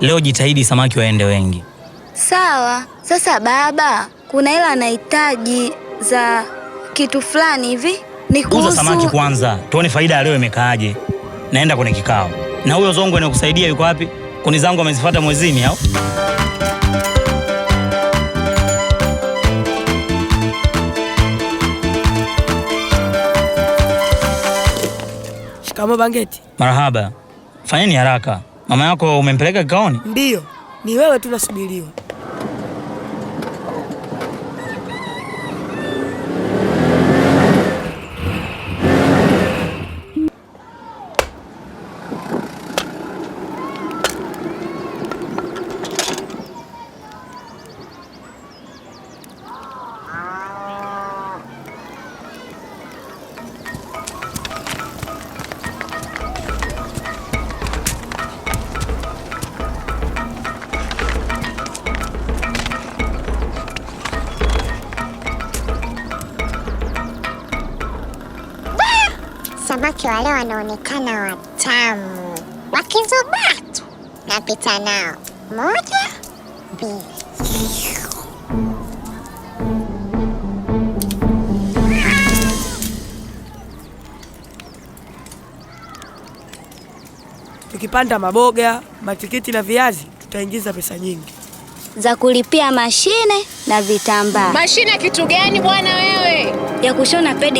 Leo jitahidi samaki waende wengi. Sawa. Sasa baba, kuna hela anahitaji za kitu fulani hivi. Ni kuuza samaki kwanza, tuone faida ya leo imekaaje. Naenda kwenye kikao na huyo zongwe anakusaidia, yuko wapi? Kuni zangu amezifuata mwezini au? Shikamo Bangeti. Marahaba. Fanyeni haraka, Mama yako umempeleka kikaoni? Ndiyo, ni wewe tunasubiriwa. samaki wale wanaonekana watamu, wakizubatu napita nao. Moja, mbili Tukipanda maboga, matikiti na viazi tutaingiza pesa nyingi za kulipia mashine na vitambaa. Mashine kitu gani bwana wewe? Ya kushona pedi